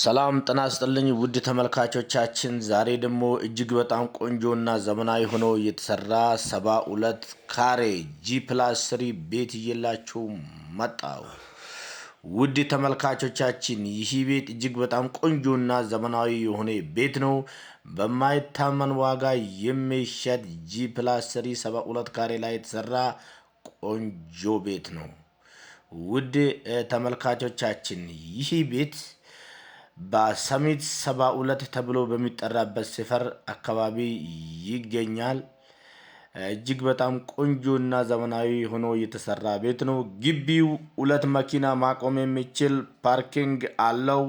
ሰላም ጤና ይስጥልኝ ውድ ተመልካቾቻችን፣ ዛሬ ደግሞ እጅግ በጣም ቆንጆና ዘመናዊ ሆኖ የተሰራ ሰባ ሁለት ካሬ ጂ ፕላስ ስሪ ቤት እየላችሁ መጣው። ውድ ተመልካቾቻችን ይህ ቤት እጅግ በጣም ቆንጆና ዘመናዊ የሆነ ቤት ነው። በማይታመን ዋጋ የሚሸጥ ጂ ፕላስ ስሪ ሰባ ሁለት ካሬ ላይ የተሰራ ቆንጆ ቤት ነው። ውድ ተመልካቾቻችን ይህ ቤት በሰሚት 72 ተብሎ በሚጠራበት ሰፈር አካባቢ ይገኛል። እጅግ በጣም ቆንጆና ዘመናዊ ሆኖ የተሰራ ቤት ነው። ግቢው ሁለት መኪና ማቆም የሚችል ፓርኪንግ አለው።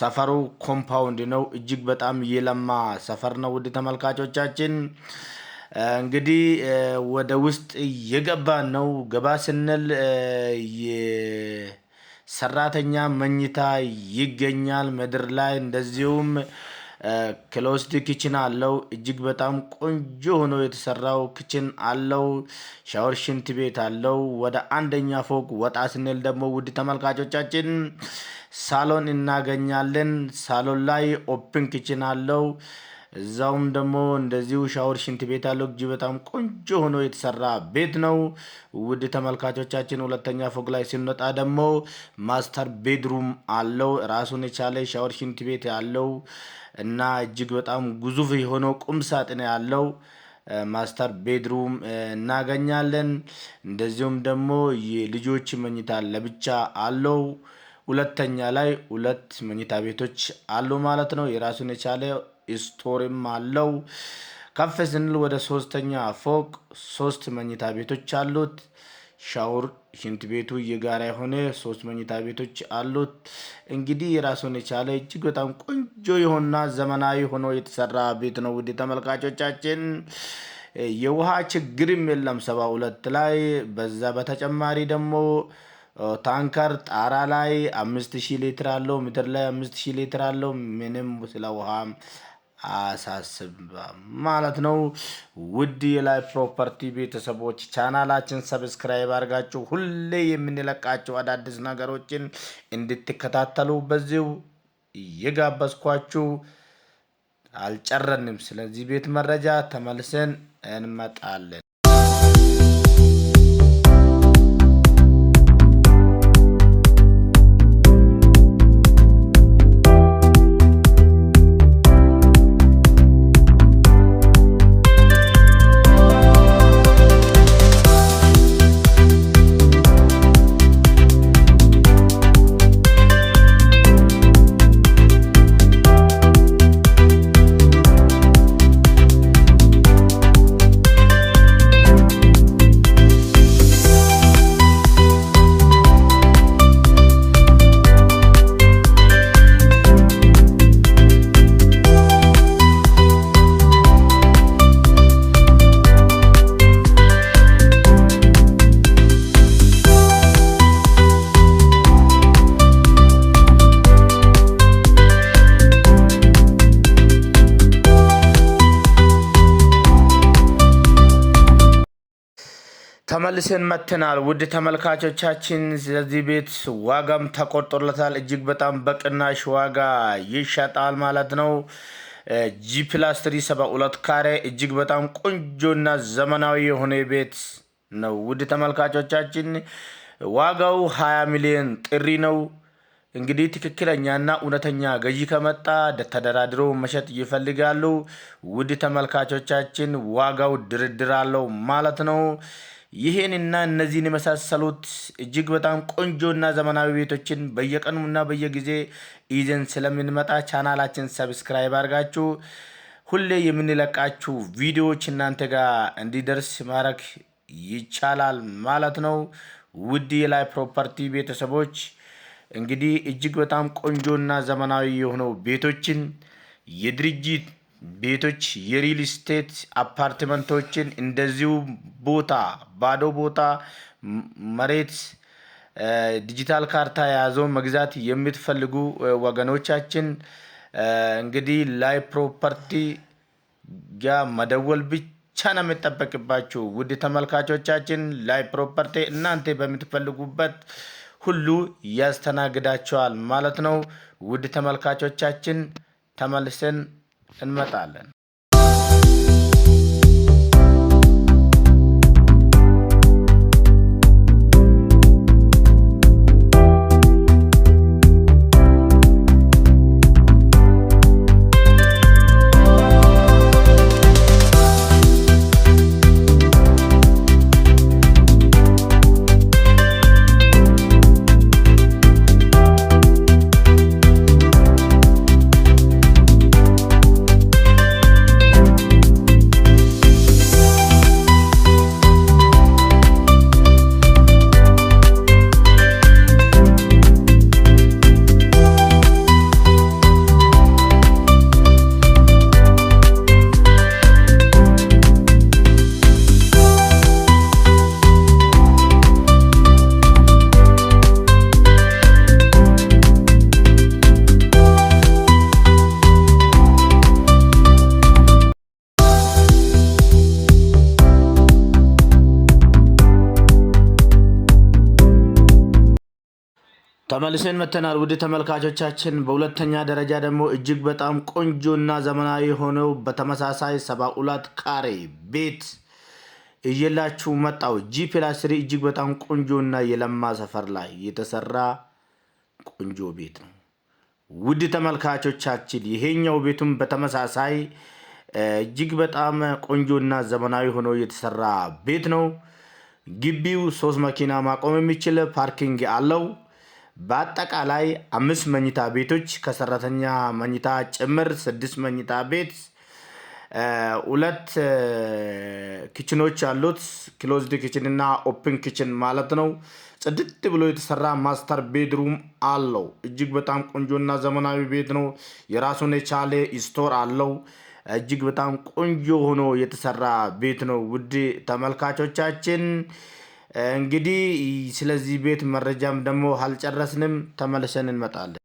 ሰፈሩ ኮምፓውንድ ነው። እጅግ በጣም የለማ ሰፈር ነው። ውድ ተመልካቾቻችን እንግዲህ ወደ ውስጥ የገባ ነው። ገባ ስንል ሰራተኛ መኝታ ይገኛል ምድር ላይ እንደዚሁም ክሎስድ ኪችን አለው። እጅግ በጣም ቆንጆ ሆኖ የተሰራው ክችን አለው። ሻወር ሽንት ቤት አለው። ወደ አንደኛ ፎቅ ወጣ ስንል ደግሞ ውድ ተመልካቾቻችን ሳሎን እናገኛለን። ሳሎን ላይ ኦፕን ኪችን አለው። እዛውም ደግሞ እንደዚሁ ሻወር ሽንት ቤት አለው። እጅ በጣም ቆንጆ ሆኖ የተሰራ ቤት ነው። ውድ ተመልካቾቻችን ሁለተኛ ፎቅ ላይ ሲንወጣ ደግሞ ማስተር ቤድሩም አለው። ራሱን የቻለ ሻወር ሽንት ቤት ያለው እና እጅግ በጣም ግዙፍ የሆነው ቁም ሳጥን ያለው ማስተር ቤድሩም እናገኛለን። እንደዚሁም ደግሞ የልጆች መኝታ ለብቻ አለው። ሁለተኛ ላይ ሁለት መኝታ ቤቶች አሉ ማለት ነው የራሱን የቻለ ስቶርም አለው። ከፍ ስንል ወደ ሶስተኛ ፎቅ ሶስት መኝታ ቤቶች አሉት። ሻውር ሽንት ቤቱ የጋራ የሆነ ሶስት መኝታ ቤቶች አሉት። እንግዲህ የራሱን የቻለ እጅግ በጣም ቆንጆ የሆነና ዘመናዊ ሆኖ የተሰራ ቤት ነው። ውድ ተመልካቾቻችን የውሃ ችግርም የለም ሰባ ሁለት ላይ በዛ በተጨማሪ ደግሞ ታንከር ጣራ ላይ አምስት ሺህ ሊትር አለው፣ ምድር ላይ አምስት ሺህ ሊትር አለው። ምንም ስለ ውሃ አሳስብ ማለት ነው። ውድ የላይ ፕሮፐርቲ ቤተሰቦች ቻናላችን ሰብስክራይብ አድርጋችሁ ሁሌ የምንለቃቸው አዳዲስ ነገሮችን እንድትከታተሉ በዚሁ እየጋበዝኳችሁ አልጨረንም። ስለዚህ ቤት መረጃ ተመልሰን እንመጣለን። ተመልሰን መጥተናል። ውድ ተመልካቾቻችን ለዚህ ቤት ዋጋም ተቆርጦለታል። እጅግ በጣም በቅናሽ ዋጋ ይሸጣል ማለት ነው። ጂ ፕላስ ትሪ ሰባ ሁለት ካሬ እጅግ በጣም ቆንጆና ዘመናዊ የሆነ ቤት ነው። ውድ ተመልካቾቻችን ዋጋው 20 ሚሊዮን ጥሪ ነው። እንግዲህ ትክክለኛና እውነተኛ ገዢ ከመጣ ተደራድሮ መሸጥ ይፈልጋሉ። ውድ ተመልካቾቻችን ዋጋው ድርድር አለው ማለት ነው። ይህንና እነዚህን የመሳሰሉት እጅግ በጣም ቆንጆና ዘመናዊ ቤቶችን በየቀኑና በየጊዜ ይዘን ስለምንመጣ ቻናላችን ሰብስክራይብ አድርጋችሁ ሁሌ የምንለቃችሁ ቪዲዮዎች እናንተ ጋር እንዲደርስ ማድረግ ይቻላል ማለት ነው። ውድ የላይ ፕሮፐርቲ ቤተሰቦች እንግዲህ እጅግ በጣም ቆንጆና ዘመናዊ የሆነው ቤቶችን የድርጅት ቤቶች፣ የሪል ስቴት አፓርትመንቶችን እንደዚሁ ቦታ ባዶ ቦታ መሬት ዲጂታል ካርታ የያዘውን መግዛት የምትፈልጉ ወገኖቻችን እንግዲህ ላይ ፕሮፐርቲ ጋ መደወል ብቻ ነው የሚጠበቅባችሁ። ውድ ተመልካቾቻችን ላይ ፕሮፐርቲ እናንተ በምትፈልጉበት ሁሉ ያስተናግዳቸዋል ማለት ነው። ውድ ተመልካቾቻችን ተመልሰን እንመጣለን ተመልሰን መተናል ውድ ተመልካቾቻችን። በሁለተኛ ደረጃ ደግሞ እጅግ በጣም ቆንጆና ዘመናዊ የሆነው በተመሳሳይ ሰባ ሁለት ካሬ ቤት እየላችሁ መጣው ጂ ፕላስ ስሪ እጅግ በጣም ቆንጆና የለማ ሰፈር ላይ የተሰራ ቆንጆ ቤት ነው። ውድ ተመልካቾቻችን ይሄኛው ቤቱም በተመሳሳይ እጅግ በጣም ቆንጆና ዘመናዊ ሆኖ የተሰራ ቤት ነው። ግቢው ሶስት መኪና ማቆም የሚችል ፓርኪንግ አለው። በአጠቃላይ አምስት መኝታ ቤቶች ከሰራተኛ መኝታ ጭምር ስድስት መኝታ ቤት ሁለት ኪችኖች ያሉት ክሎዝድ ኪችን እና ኦፕን ኪችን ማለት ነው። ጽድት ብሎ የተሰራ ማስተር ቤድሩም አለው። እጅግ በጣም ቆንጆና ዘመናዊ ቤት ነው። የራሱን የቻለ ስቶር አለው። እጅግ በጣም ቆንጆ ሆኖ የተሰራ ቤት ነው። ውድ ተመልካቾቻችን እንግዲህ ስለዚህ ቤት መረጃም ደግሞ አልጨረስንም፣ ተመልሰን እንመጣለን።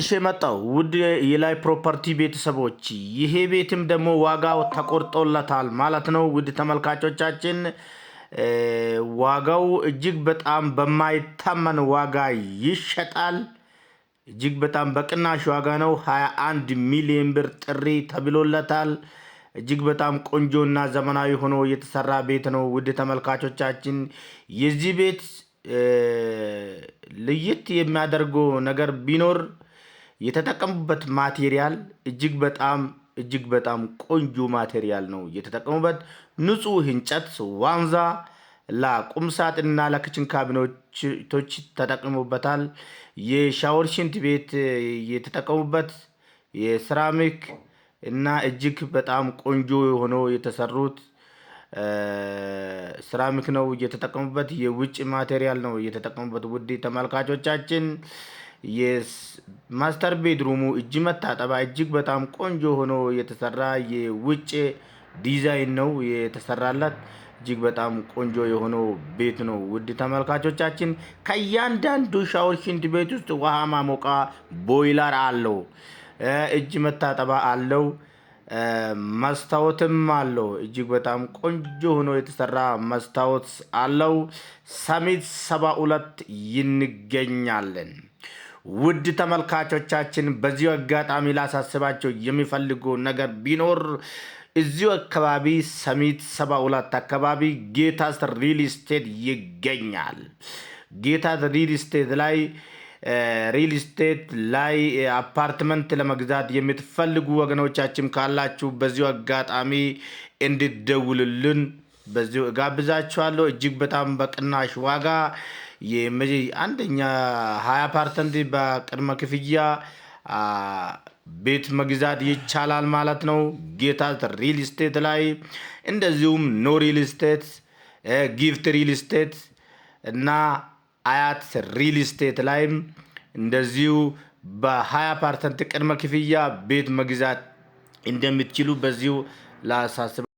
ተመልሼ መጣው። ውድ የላይ ፕሮፐርቲ ቤተሰቦች ይሄ ቤትም ደግሞ ዋጋው ተቆርጦለታል ማለት ነው። ውድ ተመልካቾቻችን ዋጋው እጅግ በጣም በማይታመን ዋጋ ይሸጣል። እጅግ በጣም በቅናሽ ዋጋ ነው። 21 ሚሊዮን ብር ጥሪ ተብሎለታል። እጅግ በጣም ቆንጆና ዘመናዊ ሆኖ የተሰራ ቤት ነው። ውድ ተመልካቾቻችን የዚህ ቤት ለየት የሚያደርገው ነገር ቢኖር የተጠቀሙበት ማቴሪያል እጅግ በጣም እጅግ በጣም ቆንጆ ማቴሪያል ነው የተጠቀሙበት። ንጹህ እንጨት ዋንዛ ለቁም ሳጥንና ለክችን ካቢኔቶች ተጠቅሞበታል። የሻወር ሽንት ቤት የተጠቀሙበት የሴራሚክ እና እጅግ በጣም ቆንጆ ሆኖ የተሰሩት ሴራሚክ ነው እየተጠቀሙበት። የውጭ ማቴሪያል ነው እየተጠቀሙበት። ውድ ተመልካቾቻችን የማስተር ቤድሩሙ እጅ መታጠቢያ እጅግ በጣም ቆንጆ ሆኖ የተሰራ የውጭ ዲዛይን ነው የተሰራላት። እጅግ በጣም ቆንጆ የሆነው ቤት ነው። ውድ ተመልካቾቻችን ከእያንዳንዱ ሻወር፣ ሽንት ቤት ውስጥ ውሃ ማሞቃ ቦይለር አለው፣ እጅ መታጠባ አለው፣ መስታወትም አለው። እጅግ በጣም ቆንጆ ሆኖ የተሰራ መስታወት አለው። ሰሚት ሰባ ሁለት ይንገኛለን። ውድ ተመልካቾቻችን በዚሁ አጋጣሚ ላሳስባቸው የሚፈልጉ ነገር ቢኖር እዚሁ አካባቢ ሰሚት ሰባ ሁለት አካባቢ ጌታስ ሪል ስቴት ይገኛል። ጌታስ ሪል ስቴት ላይ ሪል ስቴት ላይ አፓርትመንት ለመግዛት የምትፈልጉ ወገኖቻችን ካላችሁ በዚሁ አጋጣሚ እንድትደውሉልን በዚሁ እጋብዛችኋለሁ። እጅግ በጣም በቅናሽ ዋጋ አንደኛ ሀያ ፐርሰንት በቅድመ ክፍያ ቤት መግዛት ይቻላል ማለት ነው። ጌታ ሪል ስቴት ላይ እንደዚሁም ኖ ሪል ስቴት፣ ጊፍት ሪል ስቴት እና አያት ሪል ስቴት ላይም እንደዚሁ በ20 ፐርሰንት ቅድመ ክፍያ ቤት መግዛት እንደምትችሉ በዚሁ ላሳስብ